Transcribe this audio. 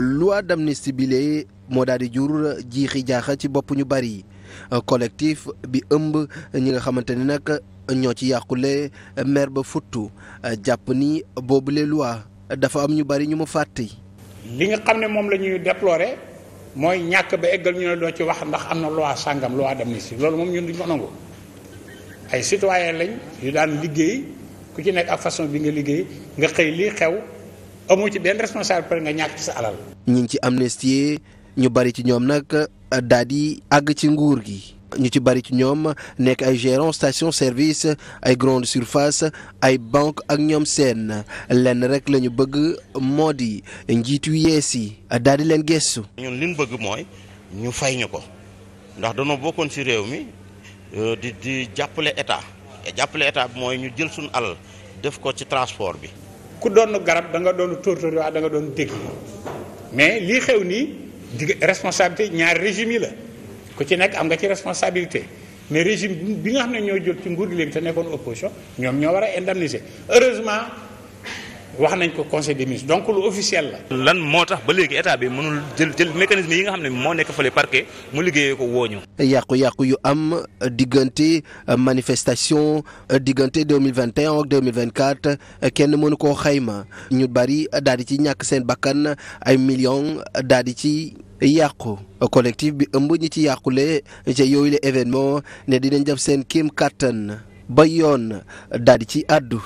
loi d'amnistie bi lee moo daal di jur jiixi jaaxa ci bopp ñu bari collectif bi ëmb ñi nga xamante ni nag ñoo ci yàqule maire ba futtu jàpp ni boobu boobule loi dafa am ñu bari ñu ma fàtte. li nga xam ne moom la ñuy déplorer mooy ñàkk ba eggal ñu ne doo ci wax ndax am na loi sàngam loi d'amnistie loolu moom ñun duñ ko nangu ay citoyen lañ yu daan liggéey ku ci nekk ak façon bi nga liggéey nga xëy li xew. amoo ci benn responsable pare nga ñàkk ci sa alal. ñi ngi ci amnistie ñu bari ci ñoom nag euh, daal di àgg ci nguur gi. ñu ci bari ci ñoom nekk ay gérant station service ay grande surface ay banque ak ñoom seen lenn rek lañu bëgg moo di njiitu yees yi daal di leen gëstu. ñun li bëgg mooy ñu fay ñu ko ndax danoo bokkoon ci réew mi euh, di jàppale état jàppale état mooy ñu jël suñu alal def ko ci transport bi. ku doon garab da nga doon tóortóor waa da nga doon mais lii xew nii di responsabilité ñaari régime yi la ku ci nekk am nga ci responsabilité mais régime bi nga xam ne ñoo jot ci nguur gi léegi sa nekkoon opposition ñoom ñoo war a indemniser heureusement wax nañ ko conseil des ministres donc lu officiel la. lan moo tax ba léegi état bi mënul jël jël mécanisme yi nga xam ne moo nekk fële parquet mu liggéeyee ko woo ñu. yàqu-yàqu yu am diggante manifestation diggante deux mille vingt et un ak deux mille vingt kenn mënu koo xayma ñu bari daal di ci ñàkk seen bakkan ay millions daal di ci yàqu. collectif bi ëmb ñi ci yàqule ca yooyu la événement ne dinañ def seen kéem kàttan ba yoon daal di ci àddu.